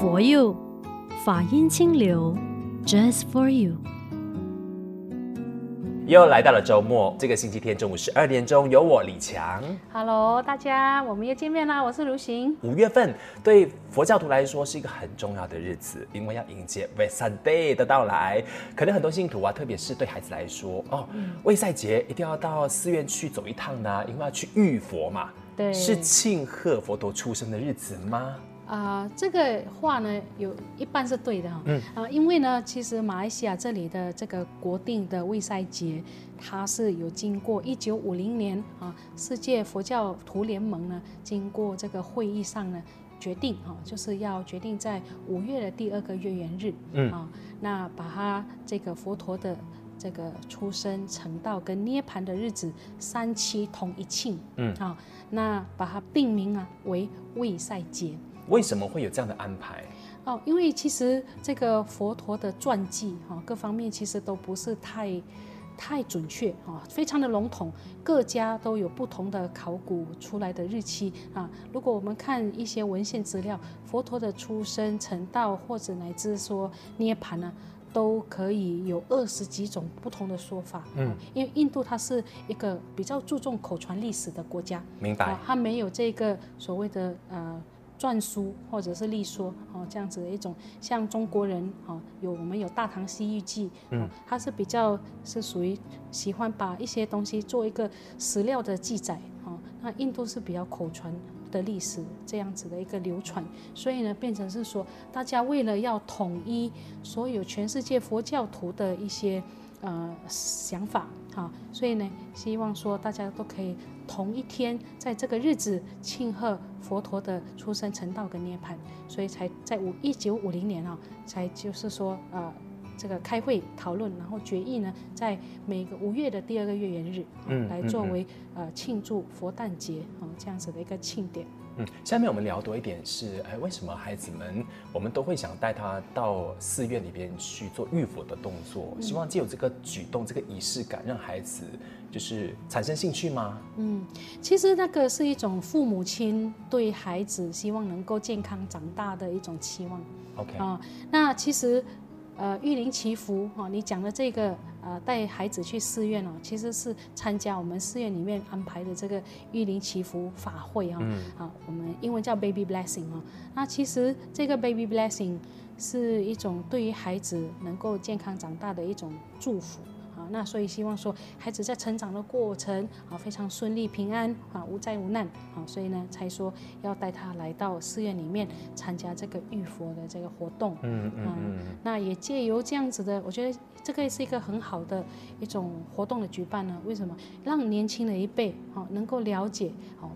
For you，法音清流，just for you。又來到了周末，這個星期天中午十二點鐘，有我理強。Hello，大家，我們又見面啦。我是如行。五月份對佛教徒來說是一個很重要的日子，因為要迎接 Vesak Day 的到來。可能很多信徒啊，特別是對孩子來說，哦，衛塞節一定要到寺院去走一趟呢，因為要去浴佛嘛。對，是慶賀佛陀出生的日子嗎？啊，這個話呢，有一半是對的哈。嗯。啊，因為呢，其實馬來西亞這裡的這個國定的衛塞節，它是有經過一九五零年啊，世界佛教徒聯盟呢，經過這個會議上呢決定哈，啊，就是要決定在五月的第二個月圓日。嗯。啊，那把它這個佛陀的這個出生、成道跟涅槃的日子三期同一慶。嗯。啊，那把它定名啊為衛塞節。為什麼會有這樣的安排？哦，因為其實這個佛陀的傳記哈、哦，各方面其實都不是太太準確、哦、非常的籠統。各家都有不同的考古出來的日期啊。如果我們看一些文獻資料，佛陀的出生、成道或者乃至說涅槃呢，都可以有二十幾種不同的說法。嗯，因為印度它是一個比較注重口傳歷史的國家，明白？哦、它沒有這個所謂的呃。篆書或者是隸書，哦，這樣子的一種，像中國人，哦，有我們有《大唐西域記》，嗯，它是比較是屬於喜歡把一些東西做一個史料的記載，哦，那印度是比較口傳的歷史，這樣子的一個流傳，所以呢，變成是說大家為了要統一所有全世界佛教徒的一些，呃，想法。好，所以呢，希望說大家都可以同一天在這個日子慶賀佛陀的出生、成道跟涅槃，所以才在五一九五零年啊、哦，才就是說呃。這個開會討論，然後決議呢，在每個五月的第二個月圓日，嗯，嗯嗯來作為呃慶祝佛誕節哦，這樣子的一個慶典。嗯，下面我們聊多一點是，哎，為什麼孩子們，我們都會想帶他到寺院裡邊去做浴佛的動作，嗯、希望借由這個舉動、這個儀式感，讓孩子就是產生興趣嗎？嗯，其實那個是一種父母親對孩子希望能夠健康長大的一種期望。OK、哦、那其實。呃，毓麟祈福哈，哦，你講的這個呃，帶孩子去寺院哦，其實是參加我們寺院裡面安排的這個毓麟祈福法會哈。啊，哦嗯哦，我們英文叫 Baby Blessing 啊，哦。那其實這個 Baby Blessing 是一種對於孩子能夠健康長大的一種祝福。那所以希望說，孩子在成長的過程啊，非常順利平安啊，無災無難啊，所以呢，才說要帶他來到寺院裡面參加這個浴佛的這個活動。嗯嗯，嗯那也借由這樣子的，我覺得這個是一個很好的一種活動的舉辦呢。為什麼？讓年輕的一輩哈能夠了解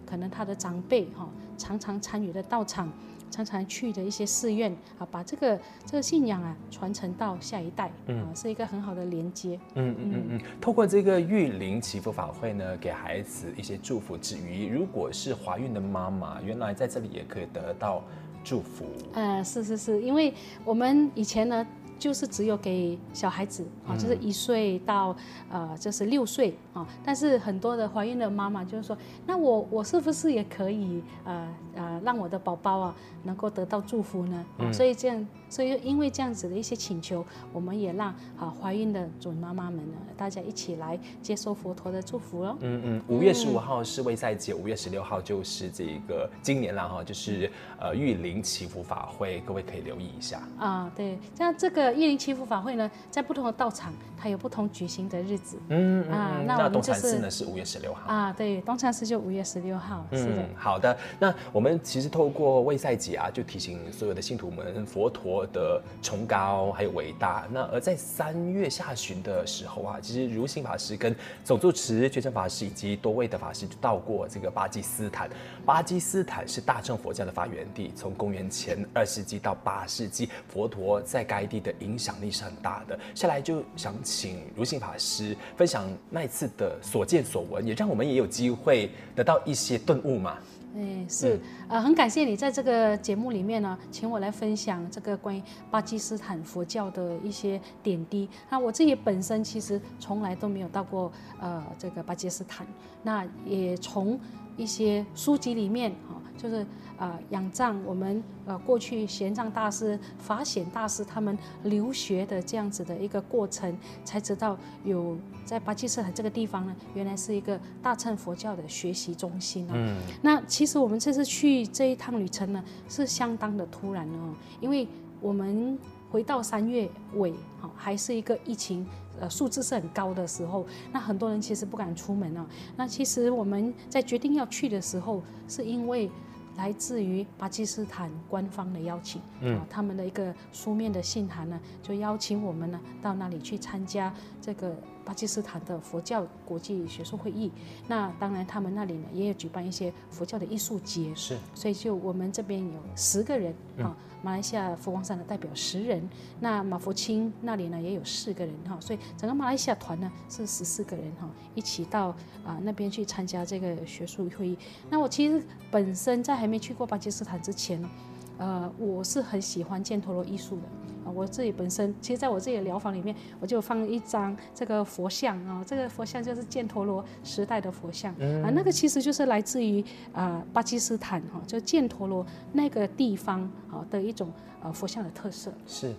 可能他的長輩哈常常參與的道場。常常去的一些寺院啊，把這個這個信仰啊傳承到下一代，嗯、呃，是一個很好的連接。嗯嗯嗯嗯。透過這個毓麟祈福法會呢，給孩子一些祝福之餘，如果是懷孕的媽媽，原來在這裡也可以得到祝福。嗯、呃、是是是，因為我們以前呢。就是只有給小孩子啊，就是一歲到呃，就是六歲啊。嗯。但是很多的懷孕的媽媽就是說，那我我是不是也可以呃呃，讓我的寶寶啊能夠得到祝福呢？嗯。所以這樣。所以，因為這樣子的一些請求，我們也讓啊懷孕的准媽媽們呢，大家一起來接受佛陀的祝福嘍。嗯嗯，五月十五號是衛塞節，五月十六號就是這一個今年了哈，就是呃毓麟祈福法會，各位可以留意一下。啊，對，像這，這個毓麟祈福法會呢，在不同的道場，它有不同舉行的日子。嗯，嗯啊，那，我們、就是、那東禪寺呢是五月十六號。啊，對，東禪寺就五月十六號是。嗯，好的。那我們其實透過衛塞節啊，就提醒所有的信徒們佛陀的崇高還有偉大。那而在三月下旬的時候啊，其實如行法師跟總住持覺誠法師以及多位的法師就到過這個巴基斯坦。巴基斯坦是大乘佛教的發源地，從公元前二世紀到八世紀，佛陀在該地的影響力是很大的。下來就想請如行法師分享那一次的所見所聞，也讓我們也有機會得到一些頓悟嘛。哎，是，嗯，呃，很感謝你在這個節目裡面呢，請我來分享這個關於巴基斯坦佛教的一些點滴。那我自己本身其實從來都沒有到過呃這個巴基斯坦，那也從。一些書籍裡面啊，就是啊、呃，仰仗我們呃過去玄奘大師、法顯大師他們留學的這樣子的一個過程，才知道有在巴基斯坦這個地方呢，原來是一個大乘佛教的學習中心啊。嗯。那其實我們這次去這一趟旅程呢，是相當的突然哦，因為我們。回到三月尾，好，還是一個疫情，呃，數字是很高的時候，那很多人其實不敢出門啊。那其實我們在決定要去的時候，是因為來自於巴基斯坦官方的邀請，嗯、啊，他們的一個書面的信函呢，就邀請我們呢到那裡去參加這個。巴基斯坦的佛教國際學術會議，那當然他們那裡呢也有舉辦一些佛教的藝術節，是，所以就我們這邊有十個人哈、嗯，馬來西亞佛光山的代表十人，那馬佛清那裡呢也有四個人哈，所以整個馬來西亞團呢是十四個人哈，一起到啊、呃、那邊去參加這個學術會議。那我其實本身在還沒去過巴基斯坦之前呢，呃，我是很喜歡犍陀羅藝術的。我自己本身，其實在我自己的寮房裡面，我就放一張這個佛像啊。這個佛像就是犍陀羅時代的佛像啊、嗯，那個其實就是來自於啊巴基斯坦哈，就犍陀羅那個地方啊的一種啊佛像的特色。是，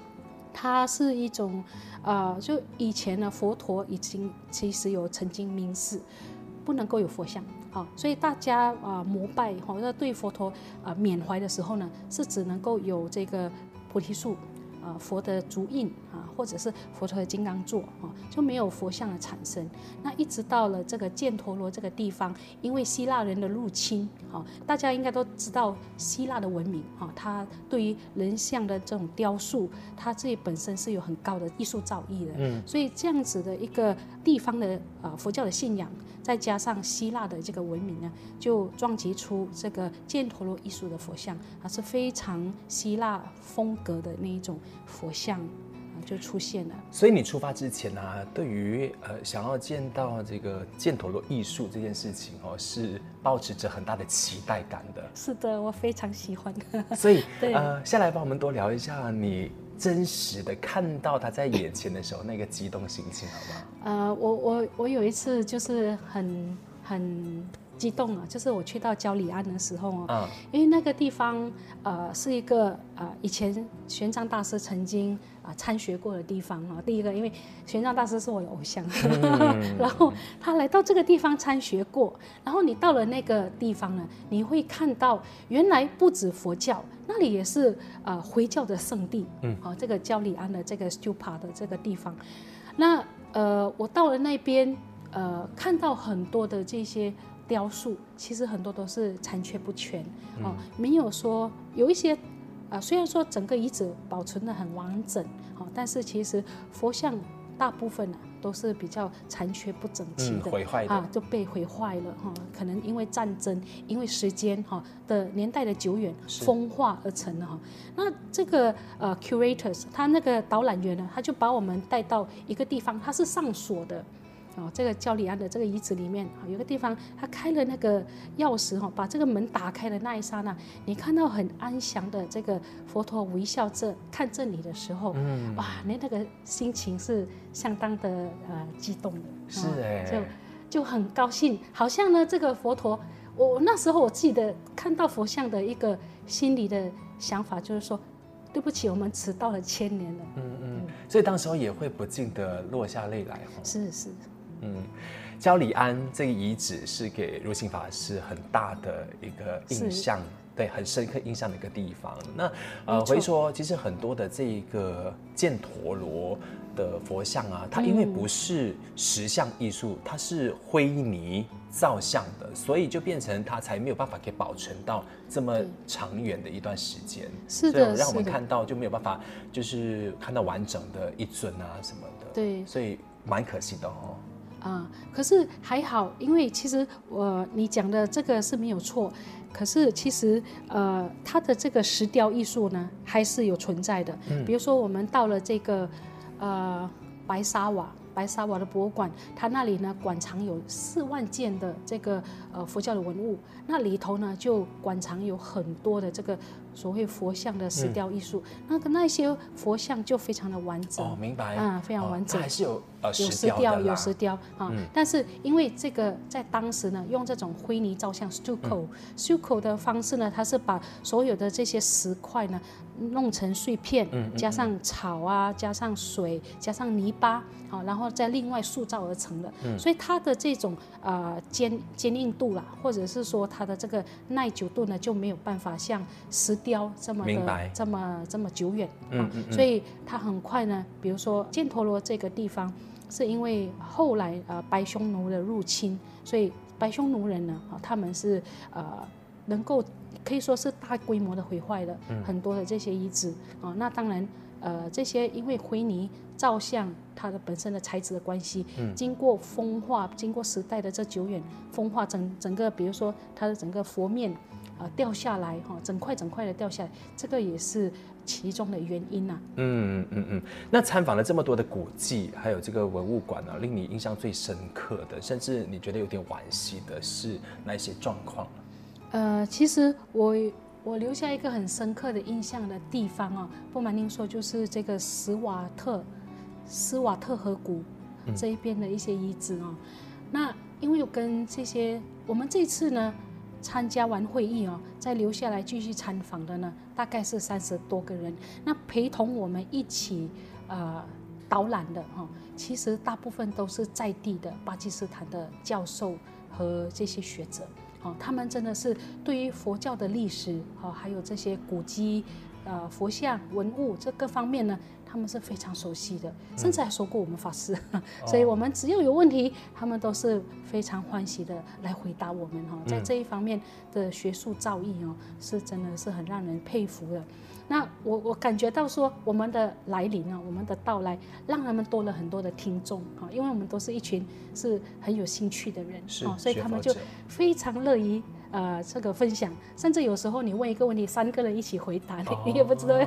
它是一種啊，就以前呢，佛陀已經其實有曾經明示，不能夠有佛像啊，所以大家啊膜拜哈，要對佛陀啊緬懷的時候呢，是只能夠有這個菩提樹。啊，佛的足印。或者是佛陀的金剛座，就沒有佛像的產生。那一直到了這個犍陀羅這個地方，因為希臘人的入侵，大家應該都知道希臘的文明，它對於人像的這種雕塑，它自己本身是有很高的藝術造詣的。嗯。所以這樣子的一個地方的佛教的信仰，再加上希臘的這個文明呢，就撞擊出這個犍陀羅藝術的佛像，它是非常希臘風格的那一種佛像。就出現了，所以你出發之前呢、啊，對於呃想要見到這個犍陀羅藝術這件事情哦，是抱持著很大的期待感的。是的，我非常喜歡。 所以對呃，下來幫我們多聊一下你真實的看到他在眼前的時候那個激動心情，好不好？呃，我我我有一次就是很很。激動啊！就是我去到焦裡安的時候哦，啊、因為那個地方呃是一個呃以前玄奘大師曾經啊、呃、參學過的地方哈、啊。第一個，因為玄奘大師是我的偶像、嗯呵呵，然後他來到這個地方參學過。然後你到了那個地方呢，你會看到原來不止佛教那裡也是呃回教的聖地。嗯，好、哦，這個焦裡安的這個 stupa 的這個地方，那呃我到了那邊呃看到很多的這些。雕塑其實很多都是殘缺不全，哦、嗯，沒有說有一些，啊、呃，雖然說整個遺址保存得很完整，哦、呃，但是其實佛像大部分呢、啊、都是比較殘缺不整齊的，嗯、毀壞啊，就被毀壞了，哈、呃，可能因為戰爭，因為時間，哈、呃、的年代的久遠，風化而成的，哈、呃。那這個呃，curators，他那個導覽員呢，他就把我們帶到一個地方，他是上鎖的。哦，這個焦里安的這個遺址裡面啊，有個地方，他開了那個鑰匙哦，把這個門打開的那一剎那，你看到很安詳的這個佛陀微笑着看着你的時候，嗯，哇，你那個心情是相當的呃激動的，哦、是哎、欸，就就很高興，好像呢這個佛陀，我那時候我記得看到佛像的一個心裡的想法就是說，對不起，我們遲到了千年了，嗯嗯，嗯，所以當時候也會不禁的落下淚來哈，是是。嗯，焦里安這個遺址是給如行法師很大的一個印象，對，很深刻印象的一個地方。那呃，回說，其實很多的這個犍陀羅的佛像啊，它因為不是石像藝術，它是灰泥造像的，所以就變成它才沒有辦法給保存到這麼長遠的一段時間。是的，所以讓我們看到就沒有辦法，就是看到完整的一尊啊什麼的。對，所以蠻可惜的哦。啊，可是還好，因為其實我，呃，你講的這個是沒有錯，可是其實呃，它的這個石雕藝術呢還是有存在的。嗯，比如說我們到了這個，呃，白沙瓦。白沙瓦的博物館，它那裡呢館藏有四萬件的這個呃佛教的文物，那裡頭呢就館藏有很多的這個所謂佛像的石雕藝術，嗯、那個那些佛像就非常的完整、哦，明白？啊，非常完整。哦、還是有呃石雕有石雕，石雕，有石雕啊、嗯，但是因為這個在當時呢，用這種灰泥造像 stucco stucco 的方式呢，它是把所有的這些石塊呢，弄成碎片，嗯嗯嗯，加上草啊，加上水，加上泥巴，然後再另外塑造而成的。嗯、所以它的這種啊、呃、堅堅硬度啦，或者是說它的這個耐久度呢，就沒有辦法像石雕這麼的這麼這麼久遠，啊嗯嗯嗯。所以它很快呢，比如說犍陀羅這個地方，是因為後來呃白匈奴的入侵，所以白匈奴人呢，呃、他們是呃能夠。可以說是大規模的毀壞了、嗯、很多的這些遺址啊、嗯哦。那當然，呃，這些因為灰泥造像它的本身的材質的關係，嗯、經過風化，經過時代的這久遠風化整，整整個比如說它的整個佛面、呃、掉下來哈、哦，整塊整塊的掉下來，這個也是其中的原因吶、啊。嗯嗯嗯。那參訪了這麼多的古蹟，還有這個文物館、啊、令你印象最深刻的，甚至你覺得有點惋惜的是哪些狀況？呃，其實我我留下一個很深刻的印象的地方啊、哦，不瞞您說，就是這個斯瓦特，斯瓦特河谷這一邊的一些遺址啊、哦嗯。那因為有跟這些，我們這次呢參加完會議哦，再留下來繼續參訪的呢，大概是三十多個人。那陪同我們一起呃導覽的哈、哦，其實大部分都是在地的巴基斯坦的教授和這些學者。哦、他們真的是對於佛教的歷史，哈、哦，還有這些古蹟、呃、佛像、文物這各方面呢，他們是非常熟悉的，嗯、甚至還說過我們法師。 所以，我們只要有，有問題，他們都是非常歡喜的來回答我們哈、哦嗯。在這一方面的學術造詣哦，是真的是很讓人佩服的。那我我感覺到說我們的來臨啊，我們的到來，讓他們多了很多的聽眾啊，因為我們都是一群是很有興趣的人啊，所以他們就非常樂意。呃，這個分享，甚至有時候你問一個問題，三個人一起回答，你、哦、你也不知道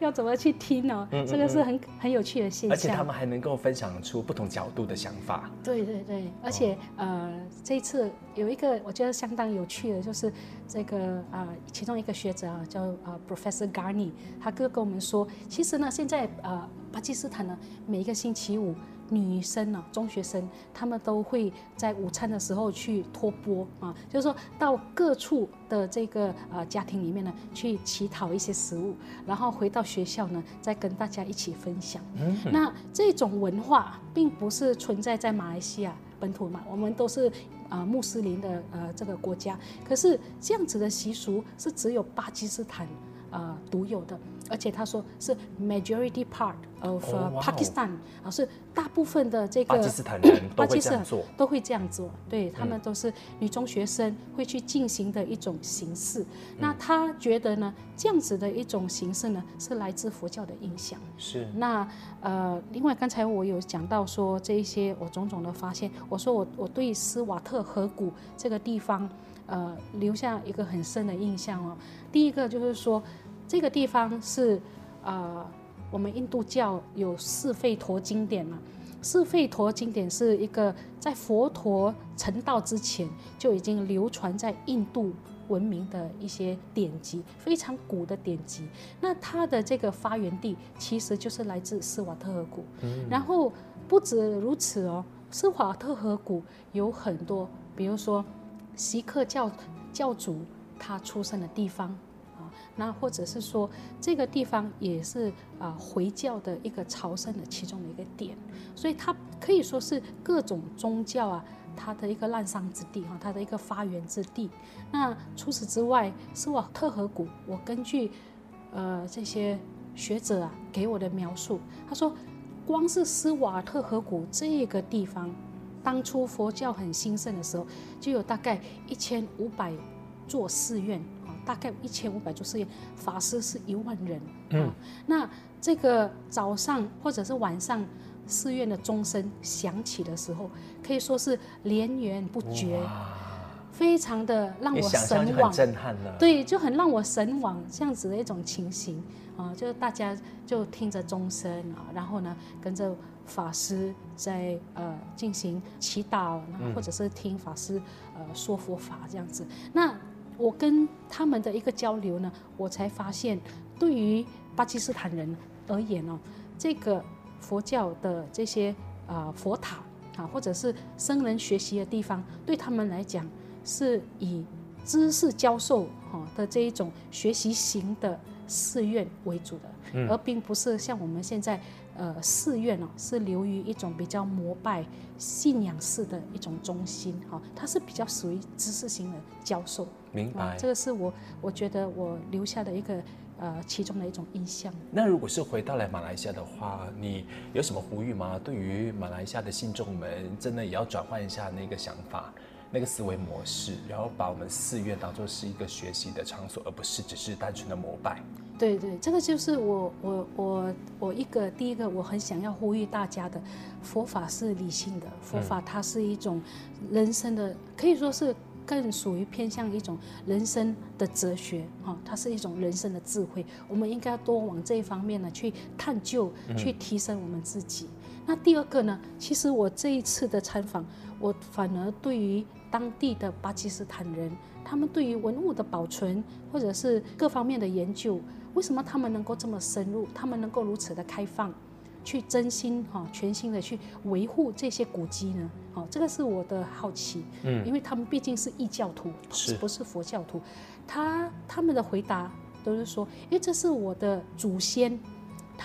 要怎麼去聽哦。嗯嗯嗯，這個是很很有趣的現象。而且他們還能夠分享出不同角度的想法。對對對，而且、哦、呃，這一次有一個我覺得相當有趣的，就是這個啊、呃，其中一個學者啊叫啊、呃、Professor Gani，他哥跟我們說，其實呢，現在啊。呃巴基斯坦呢，每一個星期五，女生呢、啊，中學生，他們都會在午餐的時候去托缽啊，就是說到各處的這個呃家庭裡面呢，去乞討一些食物，然後回到學校呢，再跟大家一起分享。嗯嗯、那這種文化並不是存在在馬來西亞本土嘛，我們都是啊、呃、穆斯林的呃這個國家，可是這樣子的習俗是只有巴基斯坦。呃，獨有的，而且他說是 majority part of Pakistan，、Oh, wow、啊，是大部分的這個巴基斯坦人，巴基斯坦人都會這樣做，樣哦、對、嗯、他們都是女中學生會去進行的一種形式、嗯。那他覺得呢，這樣子的一種形式呢，是來自佛教的影響。是。那呃，另外剛才我有講到說這一些我種種的發現，我說我我對斯瓦特河谷這個地方呃留下一個很深的印象哦。第一個就是說。這個地方是，啊、呃，我們印度教有四吠陀經典嘛、啊。四吠陀經典是一個在佛陀成道之前就已經流傳在印度文明的一些典籍，非常古的典籍。那它的這個發源地其實就是來自斯瓦特河谷。嗯。然後不止如此哦，斯瓦特河谷有很多，比如說，錫克教教主他出生的地方。那或者是說，這個地方也是啊回教的一個朝聖的其中的一個點，所以它可以說是各種宗教啊，它的一個濫觴之地哈，它的一個發源之地。那除此之外，斯瓦特河谷，我根據呃這些學者啊給我的描述，他說，光是斯瓦特河谷這個地方，當初佛教很興盛的時候，就有大概一千五百座寺院。大概一千五百座寺院，法師是一萬人。嗯、啊，那這個早上或者是晚上，寺院的鐘聲響起的時候，可以說是連綿不絕，非常的讓我神往。震撼了。對，就很讓我神往這樣子的一種情形啊，就是大家就聽着鐘聲啊，然後呢跟着法師在呃進行祈禱、啊，或者是聽法師呃說佛法這樣子。那我跟他們的一個交流呢，我才發現，對於巴基斯坦人而言呢，這個佛教的這些啊佛塔啊，或者是僧人學習的地方，對他們來講是以知識教授哈的這一種學習型的寺院為主的，而並不是像我們現在。呃，寺院哦，是流於一種比較膜拜、信仰式的一種中心哈、哦，它是比較屬於知識型的教授。明白。啊、這個是我，我覺得我留下的一個呃，其中的一種印象。那如果是回到來馬來西亞的話，你有什麼呼籲嗎？對於馬來西亞的信眾們，真的也要轉換一下那個想法。那個思維模式，然後把我們寺院當作是一個學習的場所，而不是只是單純的膜拜。對對，這個就是我我我我一個第一個我很想要呼籲大家的，佛法是理性的，佛法它是一種人生的，嗯、可以說是更屬於偏向一種人生的哲學哈，它是一種人生的智慧，我們應該多往這一方面呢去探究，去提升我們自己、嗯。那第二個呢，其實我這一次的參訪，我反而對於當地的巴基斯坦人，他們對於文物的保存，或者是各方面的研究，為什麼他們能夠這麼深入？他們能夠如此的開放，去真心哈全心的去維護這些古跡呢？哦，這個是我的好奇。嗯，因為他們畢竟是異教徒，不是佛教徒，他他們的回答都是說：誒，因為這是我的祖先。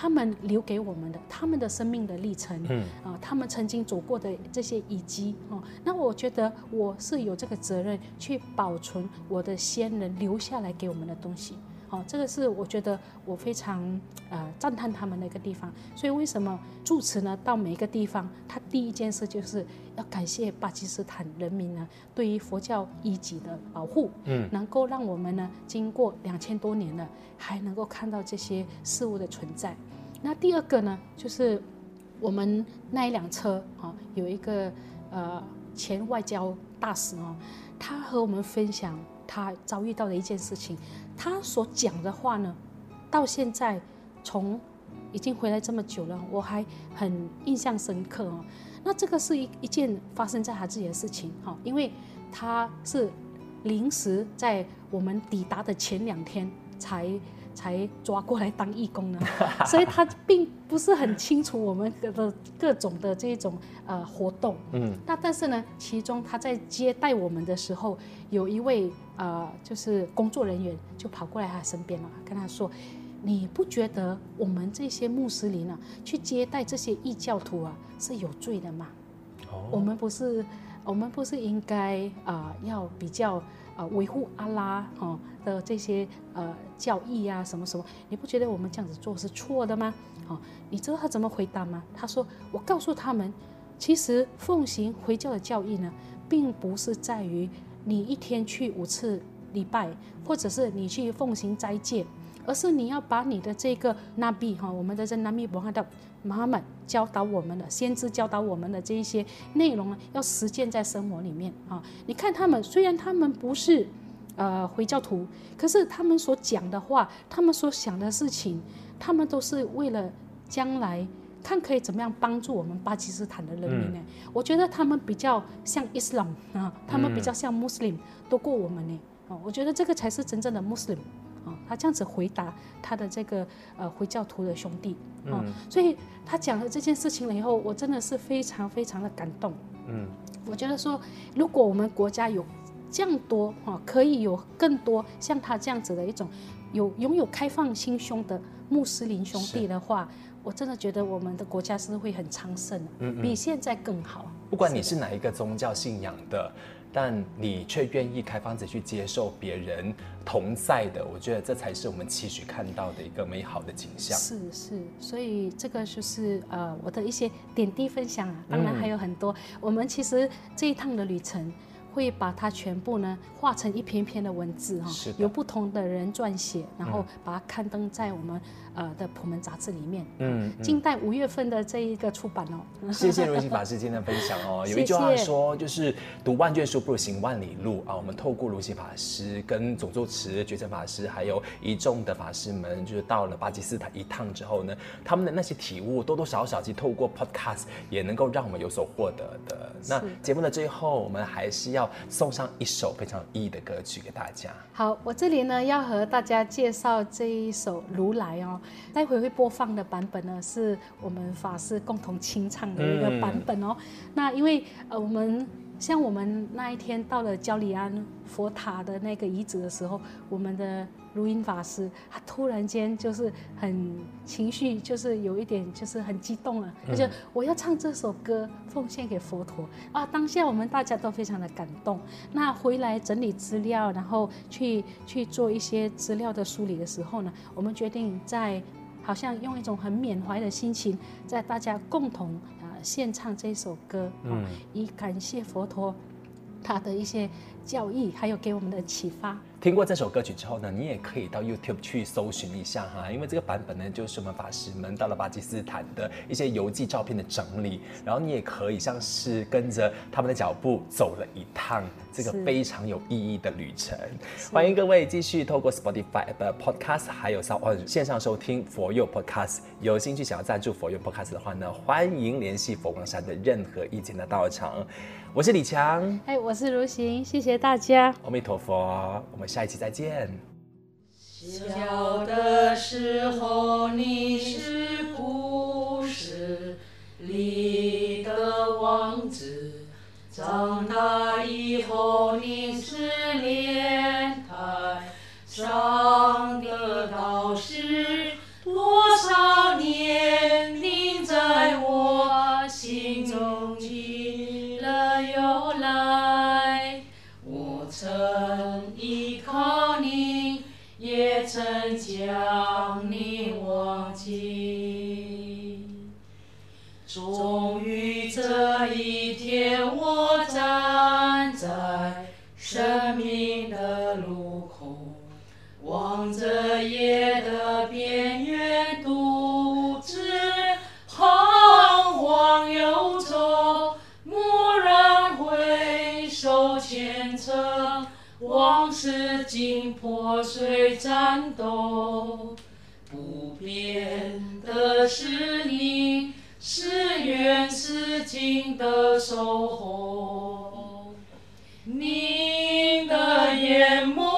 他們留給我們的，他們的生命的歷程，嗯啊，他們曾經走過的這些遺迹哦，那我覺得我是有這個責任去保存我的先人留下來給我們的東西，哦，這個是我覺得我非常呃讚嘆他們的一個地方。所以為什麼住持呢到每一個地方，他第一件事就是要感謝巴基斯坦人民呢對於佛教遺迹的保護，嗯，能夠讓我們呢經過兩千多年了還能夠看到這些事物的存在。那第二個呢，就是我們那一輛車啊，有一個呃前，外交大使哦，他和我們分享他遭遇到的一件事情，他所講的話呢，到現在從已經回來這麼久了，我還很印象深刻哦。那這個是一一件發生在他自己的事情哈，因為他是臨時在我們抵達的前兩天才，才抓過來當義工呢， 所以他並不是很清楚我們各的各種的這種呃活動。嗯，那但，但是呢，其中他在接待我們的時候，有一位呃就是工作人員就跑過來他身邊了，啊，跟他說：“你不覺得我們這些穆斯林呢，啊，去接待這些異教徒啊是有罪的嗎，哦？我們不是，我們不是應該啊，呃、要比較。”啊，維護阿拉哦的這些呃教義啊，什麼什麼，你不覺得我們這樣子做是錯的嗎？哦，你知道他怎麼回答嗎？他說：“我告訴他們，其實奉行回教的教義呢，並不是在於你一天去五次禮拜，或者是你去奉行齋戒。”而是你要把你的這個納比哈，我們的這納米博哈的媽媽教導我們的先知教導我們的這一些內容呢，要實踐在生活裡面啊。你看他們，雖然他們不是呃回教徒，可是他們所講的話，他們所想的事情，他們都是為了將來看可以怎麼樣幫助我們巴基斯坦的人民呢，嗯。我覺得他們比較像伊斯蘭啊，他們比較像穆斯林多過我們呢啊。我覺得這個才是真正的穆斯林。哦、他這樣子回答他的這個呃回教徒的兄弟，哦、嗯，所以他講了這件事情了以後，我真的是非常非常的感動，嗯、我覺得說如果我們國家有這樣多哈、哦，可以有更多像他這樣子的一種有擁有，有開放心胸的穆斯林兄弟的話，我真的覺得我們的國家是會很昌盛的，嗯、嗯，比現在更好。不管你是哪一個宗教信仰的。但你卻願意開放着去接受別人同在的，我覺得這才是我們期許看到的一個美好的景象。是是，所以這個就是呃我的一些點滴分享啊。當然還有很多。嗯、我們其實這一趟的旅程，會把它全部呢化成一篇篇的文字哈、哦，由不同的人撰寫，然後把它刊登在我們、嗯。呃的普門雜誌裡面，嗯，嗯近代五月份的這一個出版哦。謝謝如行法師今天的分享哦。 有一句話說謝謝，就是讀萬卷書不如行萬里路啊。我們透過如行法師跟總住持覺誠法師，還有一眾的法師們，就是到了巴基斯坦一趟之後呢，他們的那些體悟，多多少少是透過 podcast 也能夠讓我們有所獲得的。的那節目的最後，我們還是要送上一首非常有意義的歌曲給大家。好，我這裡呢要和大家介紹這一首《如來》哦。待會會播放的版本呢，是我們法師共同清唱的一個版本哦。嗯、那因為呃，我們像我們那一天到了焦里安佛塔的那個遺址的時候，我們的。如音法師，他突然間就是很情緒，就是有一點就是很激動了。他、嗯、就我要唱這首歌奉獻給佛陀啊！當下我們大家都非常的感動。那回來整理資料，然後去去做一些資料的梳理的時候呢，我們決定在好像用一種很緬懷的心情，在大家共同呃獻唱這首歌，嗯，以感謝佛陀他的一些。教義還有給我們的啟發。聽過這首歌曲，之後呢，你也可以到 YouTube 去搜尋一下哈，因為這個版本呢，就是我們法師們到了巴基斯坦的一些遊記照片的整理。然後你也可以像是跟着他們的腳步走了一趟這個非常有意義的旅程。歡迎各位繼續透過 Spotify 的 Podcast 還有收哦線上收聽 For You Podcast。有興趣想要贊助 For You Podcast 的話呢，歡迎聯繫佛光山的任何一間的道場。我是理強，哎、hey，我是如行，謝謝。大家，阿彌陀佛，我們下一期再見。小小的時候，你。夜月獨自彷徨遊走，驀然回首，前塵往事盡破碎顫抖，不變的是你，是遠是近的守候，你的眼眸。